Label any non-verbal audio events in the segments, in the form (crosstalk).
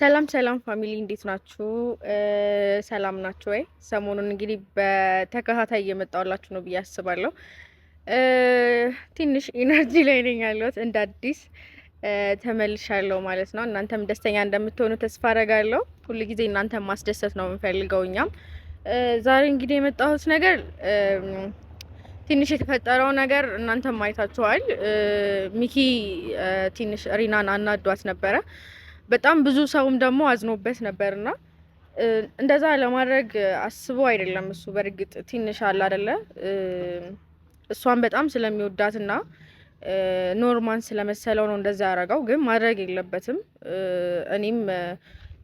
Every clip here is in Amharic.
ሰላም ሰላም ፋሚሊ እንዴት ናችሁ? ሰላም ናችሁ ወይ? ሰሞኑን እንግዲህ በተከታታይ እየመጣሁላችሁ ነው ብዬ አስባለሁ። ትንሽ ኢነርጂ ላይ ነኝ ያለሁት፣ እንደ አዲስ ተመልሻለሁ ማለት ነው። እናንተም ደስተኛ እንደምትሆኑ ተስፋ አረጋለሁ። ሁል ጊዜ እናንተ ማስደሰት ነው የምንፈልገው እኛም። ዛሬ እንግዲህ የመጣሁት ነገር ትንሽ የተፈጠረው ነገር እናንተም አይታችኋል። ሚኪ ትንሽ ሪናን አናዷት ነበረ። በጣም ብዙ ሰውም ደግሞ አዝኖበት ነበር እና እንደዛ ለማድረግ አስቦ አይደለም እሱ። በእርግጥ ትንሽ አለ አደለ እሷን በጣም ስለሚወዳት እና ኖርማን ስለመሰለው ነው እንደዛ ያደረገው። ግን ማድረግ የለበትም። እኔም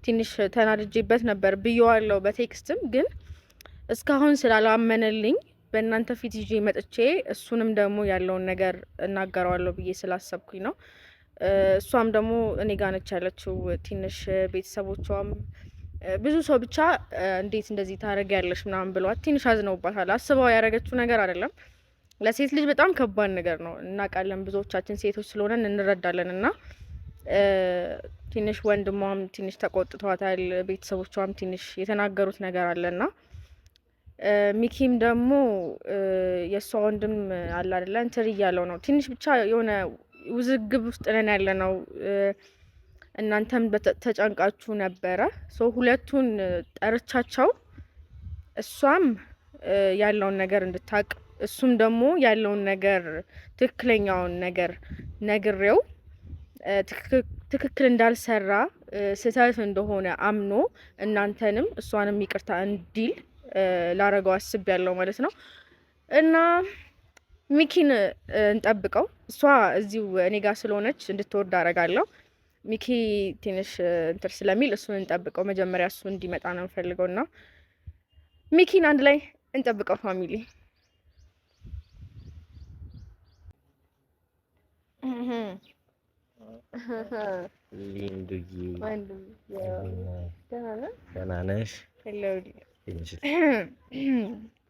ትንሽ ተናድጄበት ነበር ብየዋለው በቴክስትም። ግን እስካሁን ስላላመነልኝ በእናንተ ፊት ይዤ መጥቼ እሱንም ደግሞ ያለውን ነገር እናገረዋለሁ ብዬ ስላሰብኩኝ ነው። እሷም ደግሞ እኔ ጋ ነች ያለችው። ትንሽ ቤተሰቦቿም ብዙ ሰው ብቻ እንዴት እንደዚህ ያለች ምናምን ብሏት ትንሽ አዝነውባታል። አስበው ያደረገችው ነገር አይደለም። ለሴት ልጅ በጣም ከባድ ነገር ነው፣ እናውቃለን። ብዙዎቻችን ሴቶች ስለሆነን እንረዳለን። እና ትንሽ ወንድሟም ትንሽ ተቆጥቷታል። ቤተሰቦቿም ትንሽ የተናገሩት ነገር አለና ሚኪም ደግሞ የእሷ ወንድም አለ አይደለ እንትን እያለው ነው ትንሽ ብቻ የሆነ ውዝግብ ውስጥ ነን ያለ ነው። እናንተም ተጨንቃችሁ ነበረ። ሶ ሁለቱን ጠርቻቸው እሷም ያለውን ነገር እንድታቅ እሱም ደግሞ ያለውን ነገር ትክክለኛውን ነገር ነግሬው ትክክል እንዳልሰራ ስህተት እንደሆነ አምኖ እናንተንም እሷንም ይቅርታ እንዲል ላረገው አስቤያለሁ ማለት ነው እና ሚኪን እንጠብቀው። እሷ እዚሁ እኔ ጋር ስለሆነች እንድትወርድ አረጋለሁ። ሚኪ ትንሽ እንትር ስለሚል እሱን እንጠብቀው። መጀመሪያ እሱ እንዲመጣ ነው የምፈልገው እና ሚኪን አንድ ላይ እንጠብቀው ፋሚሊ። ደህና ነሽ? (clears throat)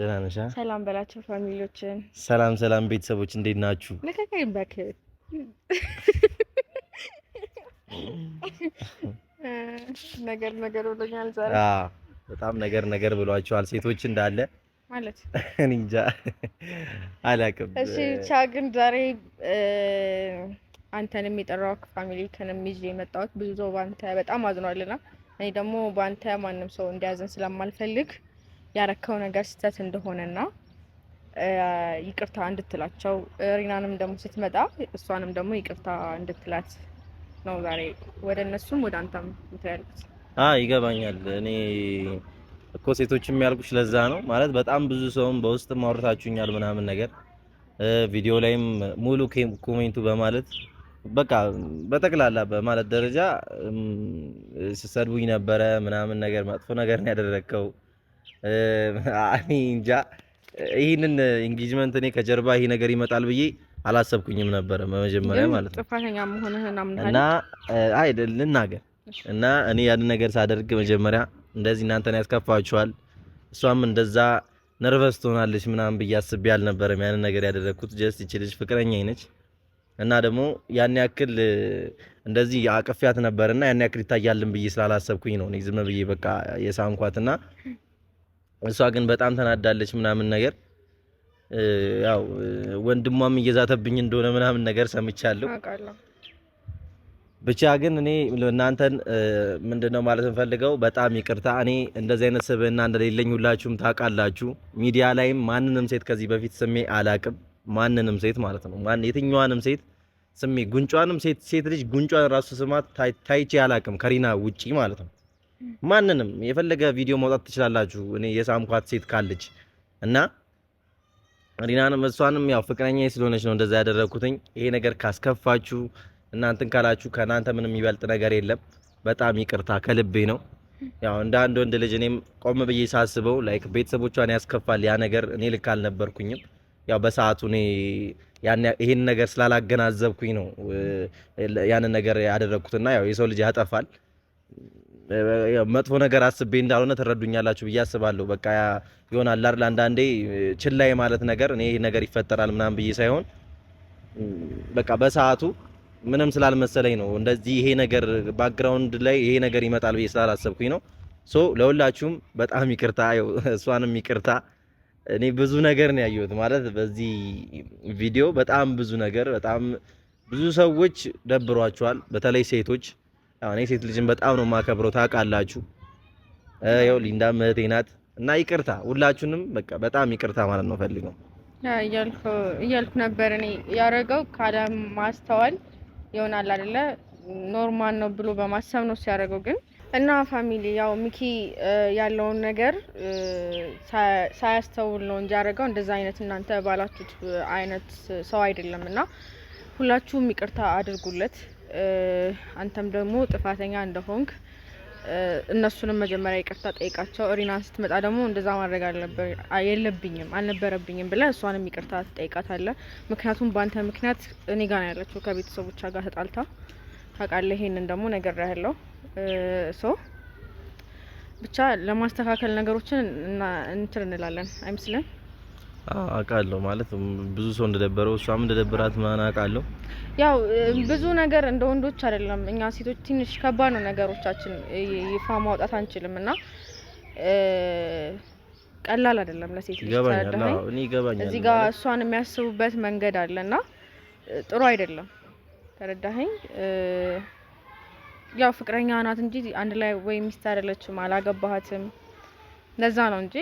ደህና ነሽ? ሰላም በላቸው ፋሚሊዎችን። ሰላም ሰላም ቤተሰቦች እንዴት ናችሁ? ለከካይም ባክ ነገር ነገር ብሎኛል ዛሬ። አዎ በጣም ነገር ነገር ብሏቸዋል ሴቶች እንዳለ ማለት እኔ እንጃ አላውቅም። እሺ ብቻ ግን ዛሬ አንተንም የጠራው ፋሚሊ ከነም ይዤ የመጣሁት ብዙ ሰው በአንተ በጣም አዝኗልና እኔ ደግሞ በአንተ ማንም ሰው እንዲያዝን ስለማልፈልግ ያረከው ነገር ስህተት እንደሆነና ይቅርታ እንድትላቸው ሪናንም ደግሞ ስትመጣ እሷንም ደግሞ ይቅርታ እንድትላት ነው ዛሬ ወደ እነሱም ወደ አንተም ያልኩት። ይገባኛል። እኔ እኮ ሴቶች ያልኩሽ ለዛ ነው ማለት በጣም ብዙ ሰውም በውስጥ ማውረታችሁኛል ምናምን ነገር ቪዲዮ ላይም ሙሉ ኮሜንቱ በማለት በቃ በጠቅላላ በማለት ደረጃ ስሰድቡኝ ነበረ ምናምን ነገር መጥፎ ነገር ነው ያደረግከው እኔ እንጃ ይህንን ኢንጌጅመንት እኔ ከጀርባ ይሄ ነገር ይመጣል ብዬ አላሰብኩኝም ነበረ በመጀመሪያ ማለት ነው። እና አይ ልናገር እና እኔ ያን ነገር ሳደርግ መጀመሪያ እንደዚህ እናንተን ያስከፋችኋል፣ እሷም እንደዛ ነርቨስ ትሆናለች ምናምን ብዬ አስቤ አልነበረም ያንን ነገር ያደረግኩት። ጀስት ይቺ ልጅ ፍቅረኛ ነች እና ደግሞ ያን ያክል እንደዚህ አቅፊያት ነበርና ያን ያክል ይታያልን ብዬ ስላላሰብኩኝ ነው ዝም ብዬ በቃ የሳንኳትና እሷ ግን በጣም ተናዳለች ምናምን ነገር ያው ወንድሟም እየዛተብኝ እንደሆነ ምናምን ነገር ሰምቻለሁ። ብቻ ግን እኔ እናንተን ምንድነው ማለት እንፈልገው በጣም ይቅርታ። እኔ እንደዚህ አይነት ስብዕና እንደሌለኝ ሁላችሁም ታውቃላችሁ። ሚዲያ ላይም ማንንም ሴት ከዚህ በፊት ስሜ አላቅም። ማንንም ሴት ማለት ነው ማን የትኛዋንም ሴት ስሜ ጉንጯንም ሴት ሴት ልጅ ጉንጯን ራሱ ስማት ታይቼ አላቅም ከሪና ውጪ ማለት ነው። ማንንም የፈለገ ቪዲዮ ማውጣት ትችላላችሁ። እኔ የሳምኳት ሴት ካለች እና ሪናንም እሷንም ያው ፍቅረኛ ስለሆነች ነው እንደዛ ያደረኩትኝ። ይሄ ነገር ካስከፋችሁ እናንተን ካላችሁ ከእናንተ ምንም የሚበልጥ ነገር የለም። በጣም ይቅርታ ከልቤ ነው። ያው እንደ አንድ ወንድ ልጅ እኔም ቆም ብዬ ሳስበው ላይክ ቤተሰቦቿን ያስከፋል ያ ነገር። እኔ ልክ አልነበርኩኝም። ያው በሰዓቱ እኔ ይሄን ነገር ስላላገናዘብኩኝ ነው ያንን ነገር ያደረግኩትና ያው የሰው ልጅ ያጠፋል። መጥፎ ነገር አስቤ እንዳልሆነ ትረዱኛላችሁ ብዬ አስባለሁ። በቃ ይሆናል አይደል አንዳንዴ ችላ ማለት ነገር እኔ ይሄ ነገር ይፈጠራል ምናምን ብዬ ሳይሆን በቃ በሰዓቱ ምንም ስላልመሰለኝ ነው እንደዚህ ይሄ ነገር ባክግራውንድ ላይ ይሄ ነገር ይመጣል ብዬ ስላላሰብኩኝ ነው። ሶ ለሁላችሁም በጣም ይቅርታ፣ እሷንም ይቅርታ። እኔ ብዙ ነገር ነው ያየሁት ማለት በዚህ ቪዲዮ በጣም ብዙ ነገር በጣም ብዙ ሰዎች ደብሯቸዋል፣ በተለይ ሴቶች እኔ ሴት ልጅን በጣም ነው የማከብረው ታውቃላችሁ። ያው ሊንዳ እህቴ ናት እና ይቅርታ ሁላችሁንም በቃ በጣም ይቅርታ ማለት ነው ፈልገው እያልኩ ነበር። እኔ ያደረገው ማስተዋል ይሆናል አይደለ ኖርማል ነው ብሎ በማሰብ ነው ሲያደርገው ግን እና ፋሚሊ ያው ሚኪ ያለውን ነገር ሳያስተውል ነው እንጂ ያደረገው እንደዛ አይነት እናንተ ባላችሁት አይነት ሰው አይደለም እና ሁላችሁም ይቅርታ አድርጉለት። አንተም ደግሞ ጥፋተኛ እንደሆንክ እነሱንም መጀመሪያ ይቅርታ ጠይቃቸው። ሪናን ስትመጣ ደግሞ እንደዛ ማድረግ የለብኝም አልነበረብኝም ብለ እሷንም ይቅርታ ትጠይቃታለ። ምክንያቱም በአንተ ምክንያት እኔ ጋር ያለችው ከቤተሰቦቿ ጋር ተጣልታ ታውቃለህ። ይሄንን ደግሞ ነገር ያለው ሶ ብቻ ለማስተካከል ነገሮችን እንትን እንላለን አይመስለን አውቃለሁ ማለት ብዙ ሰው እንደደበረው እሷም እንደደበራት ማን አውቃለሁ። ያው ብዙ ነገር እንደ ወንዶች አይደለም። እኛ ሴቶች ትንሽ ከባድ ነው ነገሮቻችን ይፋ ማውጣት አንችልም እና ቀላል አይደለም ለሴት ልጅ ይገባኛል። እዚህ ጋር እሷን የሚያስቡበት መንገድ አለና ጥሩ አይደለም። ተረዳኸኝ? ያው ፍቅረኛ ናት እንጂ አንድ ላይ ወይ ሚስት አይደለችም፣ አላገባሃትም። ለዛ ነው እንጂ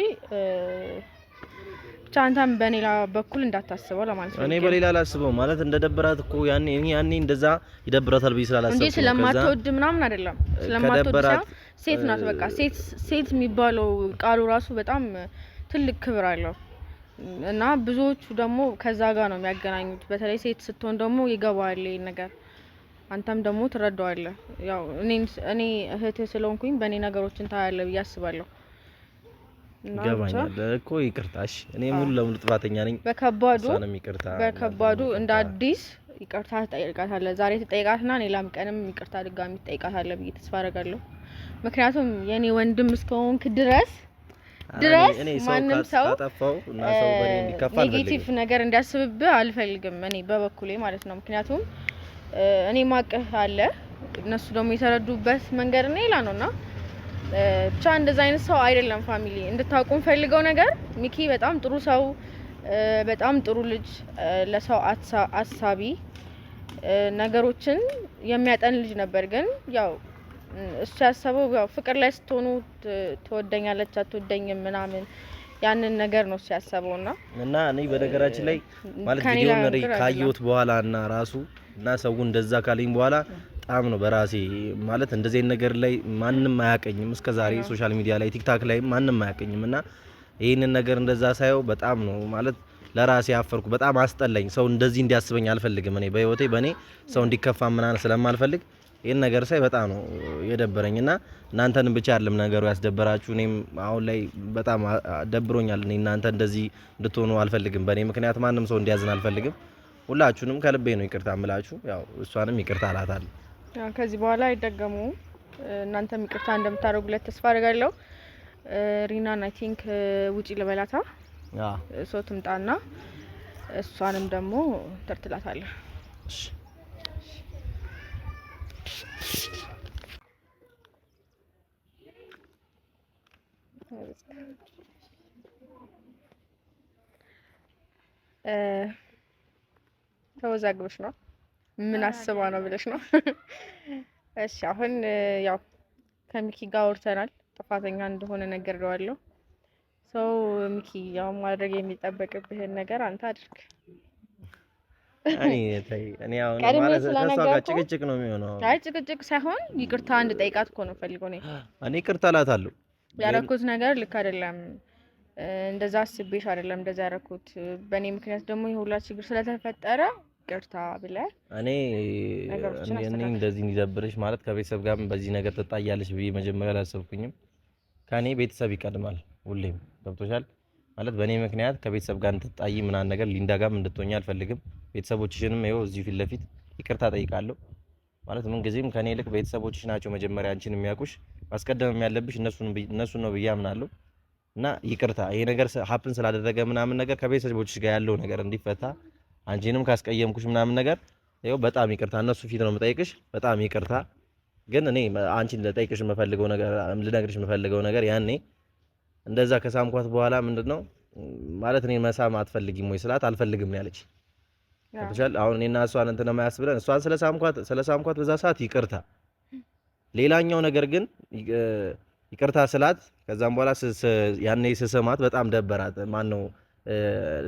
ብቻ አንተም በሌላ በኩል እንዳታስበው ለማለት ነው። እኔ በሌላ አላስበው ማለት እንደ ደበራት እኮ ያኔ እኔ ያኔ እንደዛ ይደብራታል ብዬ ስላላሰብኩ እንዴ፣ ስለማትወድ ምናምን አይደለም። ስለማትወድ ሴት ናት። በቃ ሴት ሴት የሚባለው ቃሉ ራሱ በጣም ትልቅ ክብር አለው እና ብዙዎቹ ደግሞ ከዛ ጋር ነው የሚያገናኙት። በተለይ ሴት ስትሆን ደግሞ ይገባዋል ይሄን ነገር አንተም ደግሞ ትረዳዋለህ። ያው እኔ እኔ እህትህ ስለሆንኩኝ በእኔ ነገሮችን ታያለህ ብዬ አስባለሁ። ይገባኛል እኮ ይቅርታሽ። እኔ ሙሉ ለሙሉ ጥፋተኛ ነኝ። በከባዱ በከባዱ እንደ አዲስ ይቅርታ ትጠይቃታለህ። ዛሬ ትጠይቃትና ሌላም ቀንም ይቅርታ ድጋሚ ትጠይቃታለህ ብዬ ተስፋ አደርጋለሁ። ምክንያቱም የእኔ ወንድም እስከሆንክ ድረስ ድረስ ማንም ሰው ኔጌቲቭ ነገር እንዲያስብብህ አልፈልግም፣ እኔ በበኩሌ ማለት ነው። ምክንያቱም እኔ ማቅህ አለ እነሱ ደግሞ የተረዱበት መንገድ ሌላ ነውና ብቻ እንደዛ አይነት ሰው አይደለም ፋሚሊ። እንድታውቁ ፈልገው ነገር ሚኪ በጣም ጥሩ ሰው፣ በጣም ጥሩ ልጅ፣ ለሰው አሳቢ፣ ነገሮችን የሚያጠን ልጅ ነበር። ግን ያው እሱ ያሰበው ያው ፍቅር ላይ ስትሆኑ ትወደኛለች አትወደኝም ምናምን ያንን ነገር ነው እሱ ያሰበው እና እና እኔ በነገራችን ላይ ማለት ቪዲዮ ካየሁት በኋላ እና ራሱ እና ሰው እንደዛ ካለኝ በኋላ በጣም ነው በራሴ ማለት እንደዚህ ነገር ላይ ማንም አያቀኝም። እስከ ዛሬ ሶሻል ሚዲያ ላይ ቲክታክ ላይ ማንም አያቀኝም እና ይህንን ነገር እንደዛ ሳየው በጣም ነው ማለት ለራሴ አፈርኩ። በጣም አስጠላኝ። ሰው እንደዚህ እንዲያስበኝ አልፈልግም። እኔ በህይወቴ በእኔ ሰው እንዲከፋ ምናምን ስለማልፈልግ ይህን ነገር ሳይ በጣም ነው የደበረኝ እና እናንተንም ብቻ አይደለም ነገሩ ያስደበራችሁ፣ እኔም አሁን ላይ በጣም ደብሮኛል። እኔ እናንተ እንደዚህ እንድትሆኑ አልፈልግም። በእኔ ምክንያት ማንም ሰው እንዲያዝን አልፈልግም። ሁላችሁንም ከልቤ ነው ይቅርታ ምላችሁ ያው እሷንም ይቅርታ አላታለሁ። ከዚህ በኋላ አይደገሙም። እናንተ ይቅርታ እንደምታደርጉለት ተስፋ አድርጋለሁ። ሪናን አይ ቲንክ ውጪ ልበላታ እሷ ትምጣና እሷንም ደግሞ ተርትላታለሁ። ተወዛግበሽ ነው ምን አስባ ነው ብለሽ ነው? (laughs) እሺ አሁን ያው ከሚኪ ጋር አውርተናል። ጥፋተኛ እንደሆነ ነገር ለዋለሁ ሰው ሚኪ፣ ያው ማድረግ የሚጠበቅብህን ነገር አንተ አድርግ። ጭቅጭቅ ነው የሚሆነው። አይ ጭቅጭቅ ሳይሆን ይቅርታ እንድጠይቃት እኮ ነው ፈልገው ነው። (gasps) እኔ ይቅርታ እላታለሁ። ያደረኩት ነገር ልክ አይደለም፣ እንደዛ አስቤሽ አይደለም እንደዛ ያደረኩት። በእኔ ምክንያት ደግሞ የሁላ ችግር ስለተፈጠረ ይቅርታ ብለህ እኔ እኔ እንደዚህ እንዲደብርሽ ማለት ከቤተሰብ ጋር በዚህ ነገር ትጣያለሽ ብዬ መጀመሪያ አላሰብኩኝም። ከእኔ ቤተሰብ ይቀድማል ሁሌም ገብቶሻል። ማለት በእኔ ምክንያት ከቤተሰብ ጋር እንድትጣይ ምናምን ነገር ሊንዳ ጋርም እንድትሆኝ አልፈልግም። ቤተሰቦችሽንም ይኸው እዚህ ፊት ለፊት ይቅርታ ጠይቃለሁ። ማለት ምን ጊዜም ከእኔ ይልቅ ቤተሰቦችሽ ናቸው መጀመሪያ አንቺን የሚያውቁሽ። ማስቀደምም ያለብሽ እነሱን ነው ብዬ አምናለሁ። እና ይቅርታ ይሄ ነገር ሀፕን ስላደረገ ምናምን ነገር ከቤተሰቦችሽ ጋር ያለው ነገር እንዲፈታ አንቺንም ካስቀየምኩሽ ምናምን ነገር ይኸው በጣም ይቅርታ፣ እነሱ ፊት ነው የምጠይቅሽ። በጣም ይቅርታ። ግን እኔ አንቺን ልጠይቅሽ የምፈልገው ነገር ልነግርሽ የምፈልገው ነገር ያኔ እንደዛ ከሳምኳት በኋላ ምንድነው ማለት እኔ መሳም አትፈልጊም ወይ ስላት አልፈልግም ያለች ብቻል። አሁን እኔና እሷን እንትን ማያስ ብለን እሷን ስለሳምኳት ስለሳምኳት በዛ ሰዓት ይቅርታ። ሌላኛው ነገር ግን ይቅርታ ስላት ከዛም በኋላ ያኔ ስስማት በጣም ደበራት። ማን ነው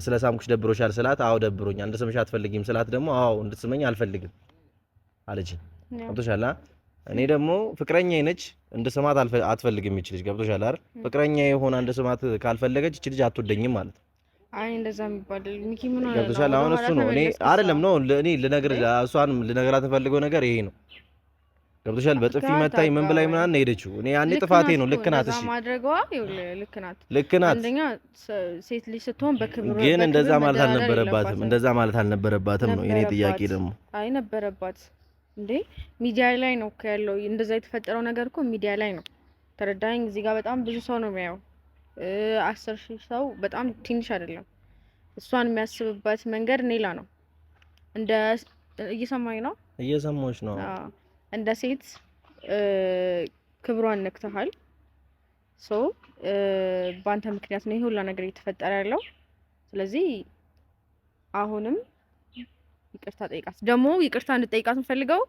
ስለ ሳምኩሽ ደብሮሻል ስላት አዎ ደብሮኛል። እንድስምሽ አትፈልጊም ስላት ደግሞ አዎ እንድትስመኝ አልፈልግም አለችኝ። ገብቶሻል። እኔ ደግሞ ፍቅረኛ ነች እንድስማት አትፈልግም ይች ልጅ። ገብቶሻል አይደል? ፍቅረኛ የሆነ እንድስማት ካልፈለገች ይች ልጅ አትወደኝም ማለት ነው። አይ እንደዛ የሚባል ገብቶሻል። አሁን እሱ ነው እኔ አይደለም ነው እኔ ልነግር እሷን ልነግራት ፈልገው ነገር ይሄ ነው ገብቶሻል። በጥፊ መታኝ ምን ብላኝ ምናምን ሄደችው። እኔ ያኔ ጥፋቴ ነው። ልክ ናት። እሺ ማድረጓ ልክ ናት፣ ሴት ልጅ ስትሆን በክብር ግን እንደዛ ማለት አልነበረባትም፣ እንደዛ ማለት አልነበረባትም ነው የኔ ጥያቄ። ደግሞ አይ ነበረባት እንዴ! ሚዲያ ላይ ነው እኮ ያለው እንደዛ የተፈጠረው ነገር እኮ ሚዲያ ላይ ነው። ተረዳኝ። እዚህ ጋር በጣም ብዙ ሰው ነው የሚያየው። አስር ሺህ ሰው በጣም ትንሽ አይደለም። እሷን የሚያስብበት መንገድ ሌላ ነው። እንደ እየሰማኝ ነው፣ እየሰማች ነው እንደ ሴት ክብሯን ነክተሃል። ሶ በአንተ ምክንያት ነው ይህ ሁላ ነገር እየተፈጠረ ያለው። ስለዚህ አሁንም ይቅርታ ጠይቃት። ደግሞ ይቅርታ እንድጠይቃት እንፈልገው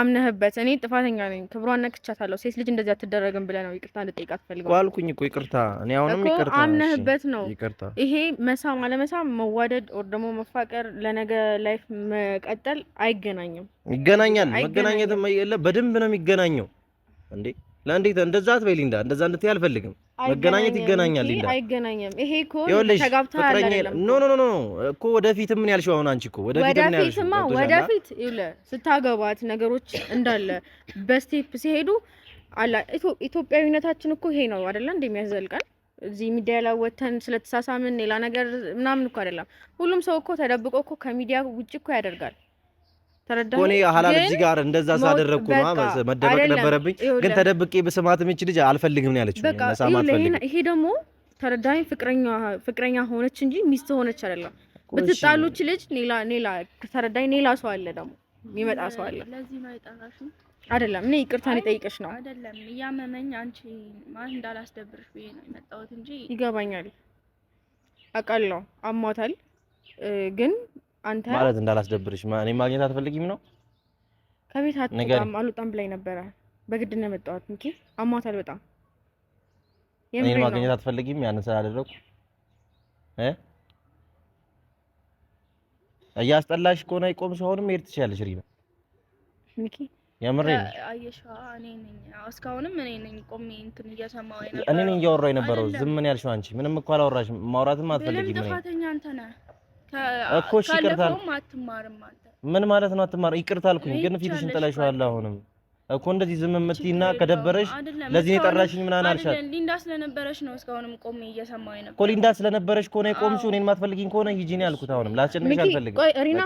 አምነህበት እኔ ጥፋተኛ ነኝ፣ ክብሯን ነክቻታለሁ፣ ሴት ልጅ እንደዚህ አትደረግም ብለህ ነው ይቅርታ እንድጠይቃት ፈልገው አልኩኝ እኮ ይቅርታ። እኔ አሁንም ይቅርታ አምነህበት ነው ይቅርታ። ይሄ መሳም አለመሳም፣ መዋደድ ኦር ደግሞ መፋቀር፣ ለነገ ላይፍ መቀጠል አይገናኝም። ይገናኛል። መገናኘትም የለ በደንብ ነው የሚገናኘው እንዴ ለእንዴት እንደዛ አትበይ ሊንዳ፣ እንደዛ እንድትይ አልፈልግም። መገናኘት ይገናኛል ሊንዳ፣ አይገናኝም። ይሄ እኮ ተጋብታ አይደለም። ኖ ኖ ኖ እኮ ወደፊት ምን ያልሽው አሁን? አንቺ እኮ ወደፊት ምን ያልሽው? ወደፊት ይኸውልህ፣ ስታገባት ነገሮች እንዳለ በስቴፕ ሲሄዱ አላ ኢትዮጵያዊነታችን እኮ ይሄ ነው አይደለ? የሚያዘልቀን እዚህ ሚዲያ ላይ ወተን ስለተሳሳምን ሌላ ነገር ምናምን እኮ አይደለም። ሁሉም ሰው እኮ ተደብቆ እኮ ከሚዲያ ውጭ እኮ ያደርጋል። እኔ ሀላል እዚህ ጋር እንደዛ ሳደረግኩ መደበቅ ነበረብኝ፣ ግን ተደብቄ በስማት የምች ልጅ አልፈልግም ነው ያለችው። ይሄ ደግሞ ተረዳኝ። ፍቅረኛ ሆነች እንጂ ሚስት ሆነች አይደለም። ብትጣሉች ልጅ ሌላ ተረዳኝ። ሌላ ሰው አለ ደግሞ የሚመጣ ሰው አለ። አይደለም እኔ ይቅርታን ይጠይቀሽ ነው አይደለም። እያመመኝ አንቺ ማለት እንዳላስደብርሽ ብዬ ነው የመጣሁት እንጂ ይገባኛል፣ አውቃለሁ። አሟታል ግን አንተ ማለት እንዳላስደብርሽ እኔ ማግኘት አትፈልጊም ነው? ከቤት አትወጣም አልወጣም ብላኝ ነበረ። በግድ ነው የመጣሁት። እንኪ አሟታል በጣም እኔ ማግኘት አትፈልጊም? ያንን ስላደረኩ እ እያስጠላሽ ከሆነ ይቆም ሲሆንም ሄድ ትችያለሽ። ሪባ ሚኪ የምሬ እስካሁንም እኔ ነኝ ቆሜ እንትን እያሰማሁ እኔ ነኝ እያወራሁ የነበረው። ዝም ምን ያልሽው አንቺ ምንም እኮ አላወራሽም። ማውራትም አትፈልጊም። ጥፋተኛ አንተ ነህ እኮ ይቅርታ ምን ማለት ነው? አትማር ይቅርታ አልኩኝ፣ ግን ፊትሽን ጥለሽዋል። አሁንም እኮ እንደዚህ ዝም የምትይና ከደበረሽ ለዚህ የጠራሽኝ ምናምን አልሻት። ሊንዳ ስለነበረሽ ነው እስካሁንም ቆሜ እየሰማሁኝ ነበር እኮ። ሊንዳ ስለነበረሽ ከሆነ የቆምሽው እኔን ማትፈልጊኝ ከሆነ ሂጂ ነው ያልኩት። አሁንም ላስጨንቅሽ አልፈልግም። ሪና፣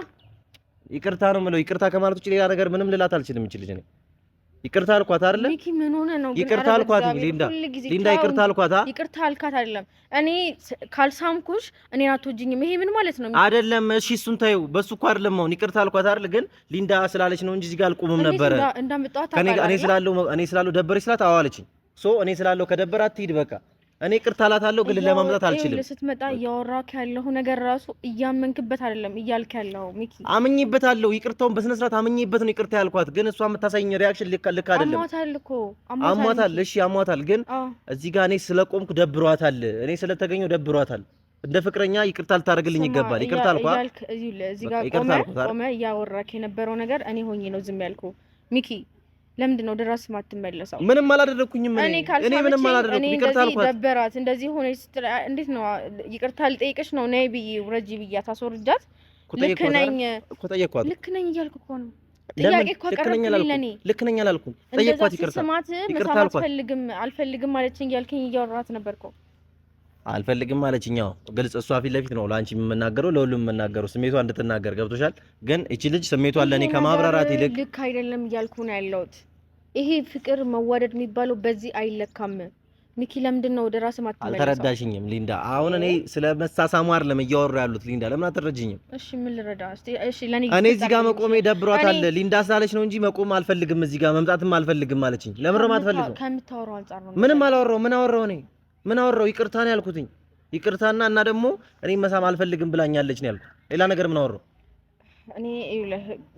ይቅርታ ነው የምለው። ይቅርታ ከማለት ውጪ ሌላ ነገር ምንም ልላት አልችልም። እችልሽ እኔ ይቅርታ አልኳት አይደለ? ሚኪ ምን ሆነ ነው? ይቅርታ አልኳት ሊንዳ፣ ሊንዳ ይቅርታ አልኳት። ይቅርታ አልኳት አይደለም። እኔ ካልሳምኩሽ እኔን አትወጂኝም። ይሄ ምን ማለት ነው? አይደለም። እሺ እሱን ታዩ። በሱ እኮ አይደለም። አሁን ይቅርታ አልኳት አይደል? ግን ሊንዳ ስላለች ነው እንጂ እዚህ ጋር አልቆምም ነበረ። እኔ ስላለው እኔ ስላለው ደበረች ስላት አዋለችኝ። ሶ እኔ ስላለው ከደበራት ትሂድ በቃ እኔ ቅርታ እላታለሁ፣ ግን ለማምጣት አልችልም። ስትመጣ እያወራክ ያለሁ ነገር ራሱ እያመንክበት አይደለም እያልክ ያለው ሚኪ። አምኜበታለሁ፣ ይቅርታውን በስነ ስርዓት አምኜበት ነው ይቅርታ ያልኳት። ግን እሷ የምታሳየኝ ሪያክሽን ልክ ልክ አይደለም። አሟታል እኮ አሟታል። እሺ አሟታል፣ ግን እዚህ ጋር እኔ ስለቆምኩ ደብሯታል። እኔ ስለተገኘው ደብሯታል። እንደ ፍቅረኛ ይቅርታ ልታደርግልኝ ይገባል። ይቅርታ አልኳ። እዚህ ጋር ቆመ፣ እያወራክ የነበረው ነገር እኔ ሆኜ ነው ዝም ያልኩ ሚኪ ለምንድን ነው ድረስ ማትመለሰው? ምንም አላደረኩኝም። እኔ እኔ ምንም አላደረኩኝ። ይቅርታ አልኳት። ደበራት እንደዚህ ሆነ እንዴት ነው ይቅርታ ልጠይቅሽ ነው ነይ ብዬ ረጂ ብያት አስወርጃት። ልክ ነኝ እኮ ጠየኳት። ልክ ነኝ እያልኩ እኮ ነው ጥያቄ እኮ አቀረብኩኝ። ልክ ነኝ አላልኩም። ጠየኳት። ይቅርታ ስማት መሳብ አልፈልግም አልፈልግም ማለችኝ እያልከኝ እያወራት ነበር እኮ አልፈልግም አለችኝ። ያው ግልጽ እሷ ፊት ለፊት ነው ለአንቺ የምናገረው ለሁሉም የምናገረው ስሜቷ እንድትናገር ገብቶሻል። ግን እቺ ልጅ ስሜቷ ለእኔ ከማብራራት ይልቅ ልክ አይደለም እያልኩ ነው ያለሁት ይሄ ፍቅር መዋደድ የሚባለው በዚህ አይለካም። ሚኪ ለምንድን ነው ወደ ራስህ ማትመለሰው? አልተረዳሽኝም ሊንዳ። አሁን እኔ ስለ መሳሳሙ አይደለም እያወሩ ያሉት ሊንዳ፣ ለምን አትረጅኝም? እሺ ምን ልረዳ? እሺ ለኔ እኔ እዚህ ጋር መቆሜ ደብሯታል ሊንዳ ስላለች ነው እንጂ መቆም አልፈልግም፣ እዚህ ጋር መምጣትም አልፈልግም አለችኝ። ለምን ነው የማትፈልገው? ከምታወራው አንጻር ነው። ምንም አላወራው። ምን አወራው? እኔ ምን አወራው? ይቅርታ ነው ያልኩትኝ። ይቅርታና እና ደግሞ እኔ መሳም አልፈልግም ብላኛለች ነው ያልኩት። ሌላ ነገር ምን አወራው? እኔ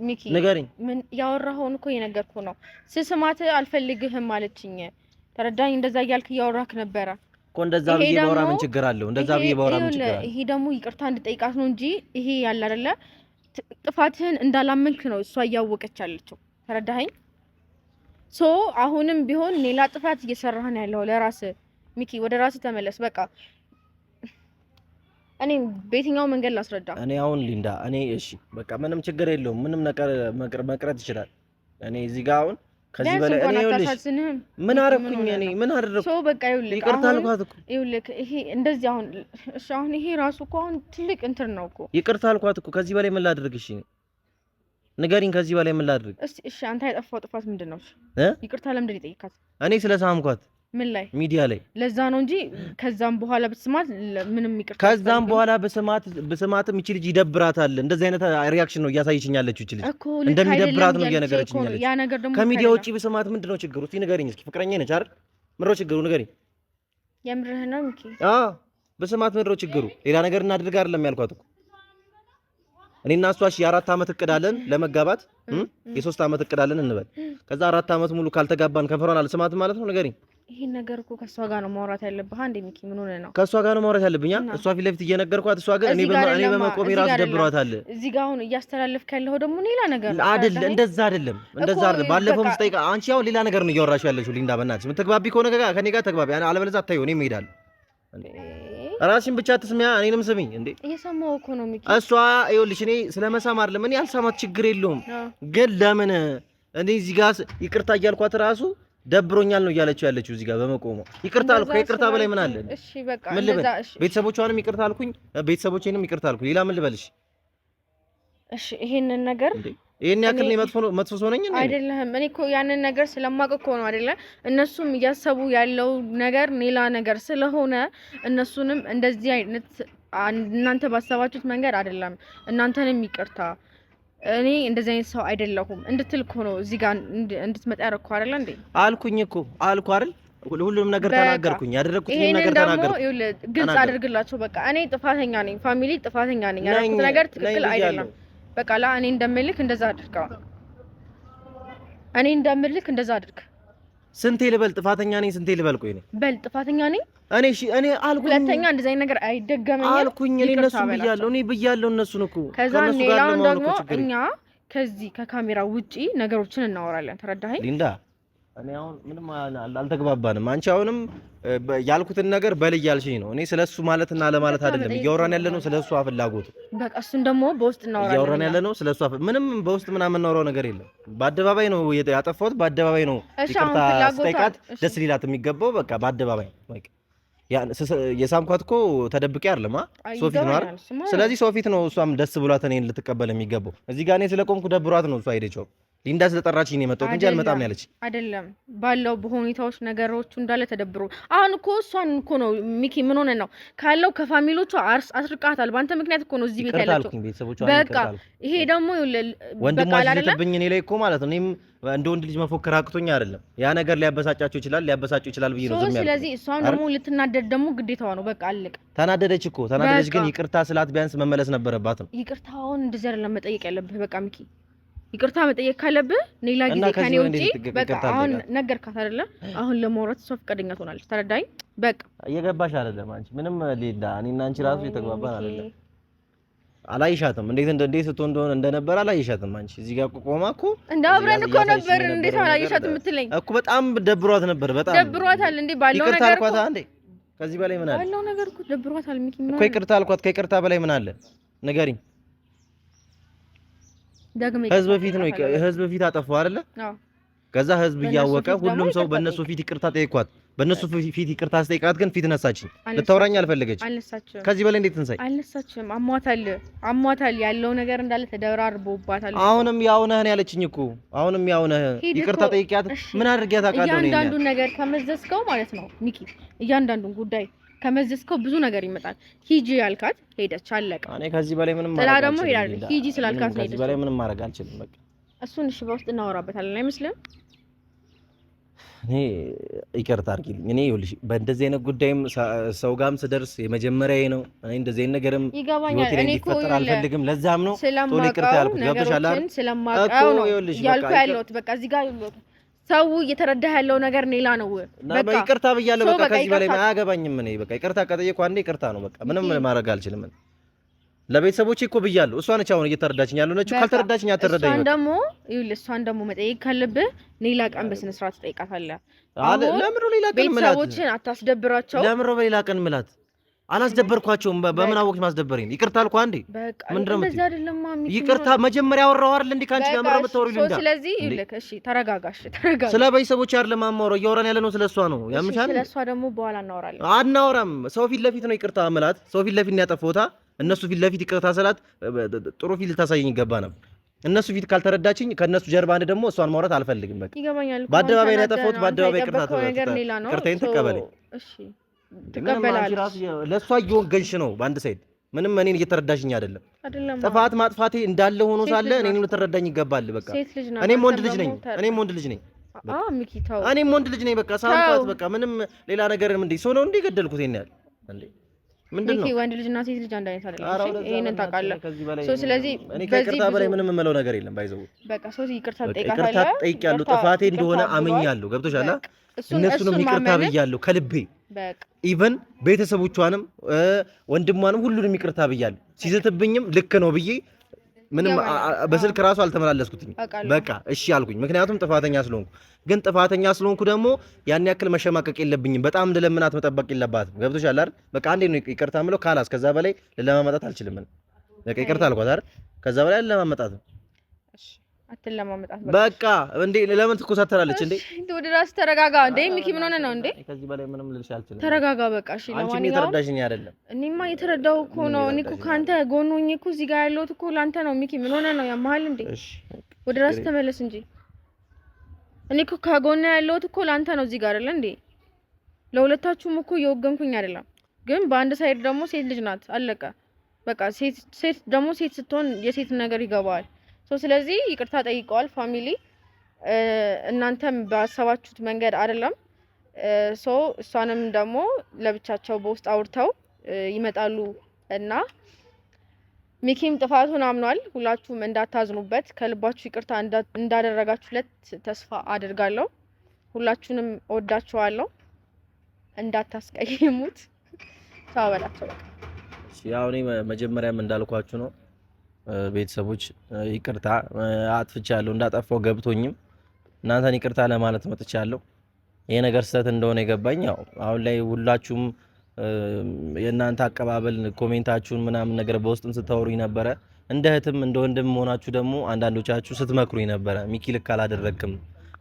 ሚኪ ንገሪኝ። ምን ያወራኸውን እኮ እየነገርኩ ነው። ስስማት አልፈልግህም አለችኝ። ተረዳኝ። እንደዛ እያልክ እያወራክ ነበረ እኮ። እንደዛ ብዬ ባወራ ምን ችግር አለው? እንደዛ ብዬ ባወራ ምን ችግር አለው? ይሄ ደግሞ ይቅርታ እንድጠይቃት ነው እንጂ ይሄ ያለ አይደለ ጥፋትህን እንዳላመንክ ነው እሷ እያወቀች ያለችው። ተረዳኸኝ? ሶ አሁንም ቢሆን ሌላ ጥፋት እየሰራህ ነው ያለው። ለራስህ ሚኪ፣ ወደ ራስህ ተመለስ በቃ። እኔ በየትኛው መንገድ ላስረዳ? እኔ አሁን ሊንዳ፣ እኔ እሺ በቃ ምንም ችግር የለውም፣ ምንም መቅረት ይችላል። እኔ እዚህ ጋር አሁን ከዚህ በላይ እኔ ይኸውልሽ፣ ምን አደረኩኝ? እኔ ምን አደረኩ? ሰው በቃ ይኸውልህ፣ ይቅርታ አልኳት እኮ ይኸውልህ፣ ይሄ እንደዚህ አሁን እሺ፣ አሁን ይሄ ራሱ እኮ አሁን ትልቅ እንትን ነው እኮ። ይቅርታ አልኳት እኮ። ከዚህ በላይ ምን ላድርግ? እሺ ንገሪኝ፣ ከዚህ በላይ ምን ላድርግ? እሺ፣ አንተ ያጠፋው ጥፋት ምንድን ነው? ይቅርታ ለምንድን ነው የጠየካት? እኔ ስለሳምኳት ምን ላይ ሚዲያ ላይ ለዛ ነው እንጂ ከዛም በኋላ ብስማት ምንም ይቅርታ ከዛም በኋላ ብስማት ብስማትም ይቺ ልጅ ይደብራታል። እንደዚህ አይነት ሪያክሽን ነው እያሳየችኝ ያለችው ይቺ ልጅ እንደሚደብራት ነው እየነገረችኝ ያለችው። ያ ነገር ደግሞ ከሚዲያ ውጪ ብስማት ምንድን ነው ችግሩ? እስኪ ንገሪኝ። እስኪ ፍቅረኛ ነች አይደል? ምድሮ ችግሩ ንገሪኝ። የምርህ ነው እንጂ አዎ፣ ብስማት ምድሮ ችግሩ ሌላ ነገር እናድርግ አይደለም ያልኳት እኮ እኔና እሷ እሺ የአራት ዓመት እቅድ አለን ለመጋባት የሶስት አመት እቅድ አለን እንበል። ከዛ አራት አመት ሙሉ ካልተጋባን ከንፈሯን አልስማትም ማለት ነው። ንገሪኝ ይሄን ነገር እኮ ከእሷ ጋር ነው ማውራት ያለብህ። አንዴ ሚኪ ምን ሆነ ነው? ከእሷ ጋር ነው ማውራት ያለብኛ? እሷ ፊት ለፊት እየነገርኳት፣ እሷ ግን እኔ በመቆሜ ራሱ ደብሯታል። እዚህ ጋር አሁን እያስተላለፍክ ያለው ደግሞ ሌላ ነገር ነው። አይደል? እንደዛ አይደለም፣ እንደዛ አይደለም። ባለፈውም ስጠይቃ አንቺ ያው ሌላ ነገር ነው እያወራሽ ያለሽው። ሊንዳ፣ በእናትሽ ተግባቢ ከሆነ ከኔ ጋር ተግባቢ፣ አለበለዚያ አታየው። እኔም እሄዳለሁ። ራስሽን ብቻ ትስሚያ፣ እኔንም ስሚኝ። እንዴ እየሰማሁ እኮ ነው ሚኪ። እሷ ይኸውልሽ፣ እኔ ስለመሳም አይደለም እኔ አልሰማት ችግር የለውም። ግን ለምን እኔ እዚህ ጋር ይቅርታ እያልኳት ራሱ ደብሮኛል ነው እያለችው ያለችው እዚህ ጋር በመቆሙ ይቅርታ አልኩ። ከይቅርታ በላይ ምን አለ? እሺ በቃ ምን ልበል? ቤተሰቦቿንም ይቅርታ አልኩኝ፣ ቤተሰቦቼንም ይቅርታ አልኩኝ። ሌላ ምን ልበልሽ? እሺ ይሄንን ነገር ይሄን ያክል ነው መጥፎ መጥፎ ሰው ነኝ እንዴ? አይደለም። እኔ እኮ ያንን ነገር ስለማቅ እኮ ነው አይደለ? እነሱም እያሰቡ ያለው ነገር ሌላ ነገር ስለሆነ እነሱንም እንደዚህ አይነት እናንተ ባሰባችሁት መንገድ አይደለም። እናንተንም ይቅርታ እኔ እንደዚህ አይነት ሰው አይደለሁም እንድትል እኮ ነው እዚህ ጋር እንድትመጣ ያደረኩህ አይደል እንዴ? አልኩኝ እኮ አልኩ አይደል? ሁሉንም ነገር ተናገርኩኝ። ያደረኩት ይሄን ነገር ተናገርኩኝ። ግልጽ አድርግላቸው በቃ እኔ ጥፋተኛ ነኝ፣ ፋሚሊ ጥፋተኛ ነኝ፣ ያደረኩት ነገር ትክክል አይደለም። በቃ ላ እኔ እንደምልክ እንደዛ አድርግ፣ እኔ እንደምልክ እንደዛ አድርግ። ስንቴ ልበል ጥፋተኛ ነኝ? ስንቴ ልበል? ቆይ ነኝ በል ጥፋተኛ ነኝ እኔ። እሺ እኔ አልኩኝ፣ ሁለተኛ እንደዚህ አይነት ነገር አይደገመኝ አልኩኝ። እኔ እነሱ ብያለሁ፣ እኔ ብያለሁ እነሱን እኮ። ከዛ ሌላውን ደግሞ እኛ ከዚህ ከካሜራ ውጪ ነገሮችን እናወራለን። ተረዳኸኝ ሊንዳ? እኔ አሁን ምንም አልተግባባንም። አንቺ አሁንም ያልኩትን ነገር በል እያልሽኝ ነው። እኔ ስለሱ ማለትና ለማለት አይደለም እያወራን ያለ ነው፣ ስለሱ ፍላጎት በቃ እሱን ደግሞ በውስጥ እናወራለን። እያወራን ያለ ነው ስለሱ ምንም በውስጥ ምናምን እናወራው ነገር የለም። በአደባባይ ነው ያጠፋሁት፣ በአደባባይ ነው ይቅርታ ስጠይቃት ደስ ሊላት የሚገባው በቃ በአደባባይ የሳምኳት እኮ ተደብቄ አይደለም ሶፊት ነው አይደል? ስለዚህ ሶፊት ነው እሷም ደስ ብሏት እኔን ልትቀበል የሚገባው። እዚህ ጋር እኔ ስለቆምኩ ደብሯት ነው እሷ ሄደችው ሊንዳ ስለጠራች ነው የመጣሁት እንጂ አልመጣም ያለች አይደለም። ባለው በሁኔታዎች ነገሮቹ እንዳለ ተደብሮ አሁን እኮ እሷን እኮ ነው ሚኪ፣ ምን ሆነ ነው ካለው ከፋሚሊዎቹ አስርቃታል። በአንተ ምክንያት እኮ ነው እዚህ ቤት ያለችው። በቃ ይሄ ደግሞ ወንድሟ ሲዘትብኝ እኔ ላይ እኮ ማለት ነው። እኔም እንደ ወንድ ልጅ መፎከር አቅቶኝ አይደለም። ያ ነገር ሊያበሳጫቸው ይችላል፣ ሊያበሳጫቸው ይችላል ብዬ ነው ስለዚህ እሷን ደግሞ ልትናደድ ደግሞ ግዴታዋ ነው። በቃ አለቅ። ተናደደች እኮ ተናደደች፣ ግን ይቅርታ ስላት ቢያንስ መመለስ ነበረባት ነው። ይቅርታውን እንደዚህ አይደለም መጠየቅ ያለብህ። በቃ ሚኪ ይቅርታ መጠየቅ ካለብህ ሌላ ጊዜ ከኔ ውጪ በቃ አሁን ነገርካት አይደለ? አሁን ለማውራት እሷ ፈቃደኛ ትሆናለች። ተረዳኝ። በቃ እየገባሽ አይደለም አንቺ ምንም ሌላ እኔና አንቺ ራሱ እየተግባባን አይደለም። አላይሻትም። እንዴት እንደ እንዴት ስትሆን እንደሆነ እንደነበረ አላይሻትም። አንቺ እዚህ ጋር ቆማ እኮ እንደ አብረን እኮ ነበር። እንዴት አላይሻትም የምትለኝ እኮ በጣም ደብሯት ነበር። በጣም ደብሯታል እንዴ ባለው ነገር ይቅርታ አልኳት። አንዴ ከዚህ በላይ ምን አለ? ባለው ነገር እኮ ደብሯታል። ሚኪ እኮ ይቅርታ አልኳት። ከይቅርታ በላይ ምን አለ? ንገሪኝ ህዝብ ፊት ነው ህዝብ ፊት አጠፋው አይደለ? ከዛ ህዝብ እያወቀ ሁሉም ሰው በእነሱ ፊት ይቅርታ ጠይቋት። በእነሱ ፊት ይቅርታ ስጠይቃት ግን ፊት ነሳችኝ። ልታወራኝ አልፈለገች። ከዚህ በላይ እንዴት ትንሳይ? አልነሳችም። አሟታል አሟታል። ያለው ነገር እንዳለ ተደራርቦባታል። አሁንም ያው ነህ ነው ያለችኝ እኮ አሁንም ያው ነህ። ይቅርታ ጠይቂያት። ምን አድርጊያት አውቃለሁ። እያንዳንዱን ነገር ከመዘዝከው ማለት ነው ሚኪ፣ እያንዳንዱን ጉዳይ ከመዘዝከው ብዙ ነገር ይመጣል። ሂጂ ያልካት ሄደች፣ አለቀ። እኔ ከዚህ በላይ ምንም ጥላ ደግሞ ይላል። ሂጂ ስላልካት ነው ከዚህ በላይ ምንም ማድረግ አልችልም። በቃ እሱን እሺ፣ በውስጥ እናወራበታለን። አይመስልም? እኔ ይቅርታ አድርጊልኝ። እኔ ይኸውልሽ በእንደዚህ አይነት ጉዳይም ሰው ጋርም ስደርስ የመጀመሪያዬ ነው። እኔ እንደዚህ አይነት ነገርም ይገባኛል። እኔ እኮ አልፈልግም። ለዛም ነው ቶኒ ይቅርታ ያልኩት። ገብቶሻል አይደል? ስለማውቀው ነው ያልኩት ያለሁት። በቃ እዚህ ጋር ያለሁት ሰው እየተረዳ ያለው ነገር ሌላ ነው። በቃ ይቅርታ ብያለሁ። በቃ ከዚህ በላይ አያገባኝም። ምን በቃ ይቅርታ ከጠየቅኩ አንዴ ይቅርታ ነው። በቃ ምንም ማድረግ አልችልም። ለቤተሰቦቼ እኮ ብያለሁ። እሷ ነች አሁን እየተረዳችኝ ያለው ነች። ካልተረዳችኝ አትረዳኝ። እሷን ደግሞ ይኸውልህ፣ እሷን ደግሞ መጠየቅ ካለብህ ሌላ ቀን በስነ ስርዓት ትጠይቃታለህ። ለምሮ ሌላ ቀን ምላት፣ ቤተሰቦችን አታስደብራቸው። ለምሮ በሌላ ቀን ምላት አላስደበርኳቸውም። በምን አወቅሽ ማስደበሬ? ይቅርታ አልኩ አንዴ። ምንድን ይቅርታ መጀመሪያ አወራሁ አይደል እንዴ? ከአንቺ ጋር ምንድን ነው የምታወሪው? ልንዳ፣ ስለዚህ ይኸውልህ፣ እሺ ተረጋጋሽ፣ ተረጋጋ። ስለ ቤተሰቦች አይደለም የማወራው፣ እያወራን ያለ ነው ስለ እሷ ነው። ያምሻል። ስለ እሷ ደግሞ በኋላ እናወራለን። አናወራም። ሰው ፊት ለፊት ነው ይቅርታ መላት። ሰው ፊት ለፊት ነው ያጠፋሁት። እነሱ ፊት ለፊት ይቅርታ ስላት ጥሩ ፊት ልታሳየኝ ይገባ ነበር። እነሱ ፊት ካልተረዳችኝ ከእነሱ ጀርባ አንድ ደግሞ እሷን ማውራት አልፈልግም። በቃ በአደባባይ ነው ያጠፋሁት። በአደባባይ ይቅርታ ተቀበለኝ። ለእሷ እየወገንሽ ነው በአንድ ሳይድ ምንም እኔን እየተረዳሽኝ አይደለም። ጥፋት ማጥፋቴ እንዳለ ሆኖ ሳለ እኔን ልትረዳኝ ይገባል። በቃ እኔም ወንድ ልጅ ነኝ። እኔም ወንድ ልጅ ነኝ። እኔም ወንድ ልጅ ነኝ። በቃ ሳምኳት። በቃ ምንም ሌላ ነገርም እንዴ ሰው ነው እንዴ ገደልኩት ይሄን ያህል ምንድነው ወንድ ልጅና ሴት ልጅ አንድ አይነት አይደለም። ይሄንን ታውቃለህ። ሶ ስለዚህ እኔ ከይቅርታ በላይ ምንም የምለው ነገር የለም። ባይዘው በቃ ሶ ይቅርታ ጠይቃታለህ። ይቅርታ ጠይቄያለሁ፣ ጥፋቴ እንደሆነ አምኛለሁ። ገብቶሻል። እነሱንም ይቅርታ ብያለሁ ከልቤ ኢቨን ቤተሰቦቿንም ወንድሟንም ሁሉንም ይቅርታ ብያለሁ። ሲዘትብኝም ልክ ነው ብዬ ምንም በስልክ ራሱ አልተመላለስኩትኝ። በቃ እሺ አልኩኝ፣ ምክንያቱም ጥፋተኛ ስለሆንኩ። ግን ጥፋተኛ ስለሆንኩ ደግሞ ያን ያክል መሸማቀቅ የለብኝም። በጣም እንደ መጠበቅ የለባትም። ገብቶሻል አይደል? በቃ አንዴ ነው ይቅርታ ምለው፣ ካላስ ከዛ በላይ ለለማመጣት አልችልም። በቃ ይቅርታ አልኳት አይደል? ከዛ በላይ ለለማመጣት እሺ አትለማመጣት በቃ እንዴ! ለምን ትኮሳተራለች እንዴ? እንዴ ወደ ራስ ተረጋጋ። እንዴ ሚኪ ምን ሆነ ነው እንዴ? ከዚህ በላይ ምንም ልልሽ አልችልም። ተረጋጋ በቃ እሺ። ለማንኛውም አንቺ የተረዳሽኝ አይደለም። እኔማ የተረዳው እኮ ነው። እኔ እኮ ካንተ ጎን ሆኜ እኮ እዚህ ጋር ያለሁት እኮ ላንተ ነው። ሚኪ ምን ሆነ ነው? ያመሃል እንዴ? ወደ ራስ ተመለስ እንጂ። እኔ እኮ ከጎን ያለሁት እኮ ላንተ ነው። እዚህ ጋር አይደለ እንዴ? ለሁለታችሁም እኮ እየወገንኩኝ አይደለም፣ ግን በአንድ ሳይድ ደግሞ ሴት ልጅ ናት። አለቀ በቃ። ሴት ሴት ደግሞ ሴት ስትሆን የሴት ነገር ይገባዋል። ስለዚህ ይቅርታ ጠይቀዋል ፋሚሊ። እናንተም ባሰባችሁት መንገድ አይደለም። ሶ እሷንም ደግሞ ለብቻቸው በውስጥ አውርተው ይመጣሉ እና ሚኪም ጥፋቱን አምኗል። ሁላችሁም እንዳታዝኑበት፣ ከልባችሁ ይቅርታ እንዳደረጋችሁለት ተስፋ አድርጋለሁ። ሁላችሁንም ወዳችኋለሁ። እንዳታስቀይሙት። ተባበላቸው። ያው እኔ መጀመሪያም እንዳልኳችሁ ነው ቤተሰቦች ይቅርታ አጥፍቻለሁ። እንዳጠፋው ገብቶኝም እናንተን ይቅርታ ለማለት መጥቻለሁ። ይሄ ነገር ስህተት እንደሆነ የገባኝ ያው አሁን ላይ ሁላችሁም የእናንተ አቀባበል ኮሜንታችሁን ምናምን ነገር በውስጥም ስታወሩኝ ነበረ። እንደ እህትም እንደ ወንድም መሆናችሁ ደግሞ አንዳንዶቻችሁ ስትመክሩኝ ነበረ። ሚኪ ልክ አላደረግክም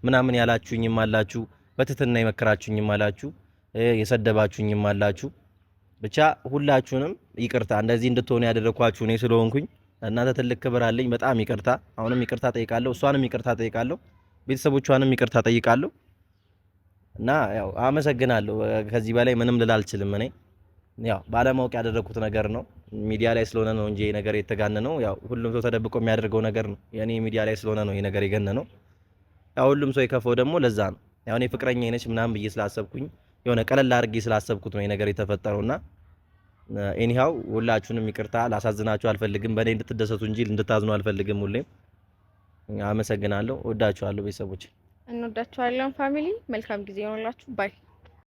ምናምን ያላችሁኝም አላችሁ፣ በትትና የመከራችሁኝም አላችሁ፣ የሰደባችሁኝም አላችሁ። ብቻ ሁላችሁንም ይቅርታ እንደዚህ እንድትሆኑ ያደረግኳችሁ እኔ ስለሆንኩኝ እናንተ ትልቅ ክብር አለኝ። በጣም ይቅርታ፣ አሁንም ይቅርታ ጠይቃለሁ። እሷንም ይቅርታ ጠይቃለሁ። ቤተሰቦቿንም ይቅርታ ጠይቃለሁ። እና ያው አመሰግናለሁ። ከዚህ በላይ ምንም ልል አልችልም። እኔ ያው ባለማወቅ ያደረኩት ነገር ነው። ሚዲያ ላይ ስለሆነ ነው እንጂ ነገር ነው። ያው ሁሉም ሰው ተደብቆ የሚያደርገው ነገር ነው። የኔ ሚዲያ ላይ ስለሆነ ነው ይሄ ነገር ነው። ያው ሁሉም ሰው የከፈው ደግሞ ለዛ ነው። ያው እኔ ፍቅረኛ ነች ምናምን ብዬ ስላሰብኩኝ የሆነ ቀለል አድርጌ ስላሰብኩት ነው ይሄ ነገር የተፈጠረውና ኤኒሃው ሁላችሁንም ይቅርታ ላሳዝናችሁ አልፈልግም። በእኔ እንድትደሰቱ እንጂ እንድታዝኑ አልፈልግም። ሁሌም አመሰግናለሁ። ወዳችኋለሁ። ቤተሰቦች እንወዳችኋለን። ፋሚሊ መልካም ጊዜ ይሆንላችሁ። ባይ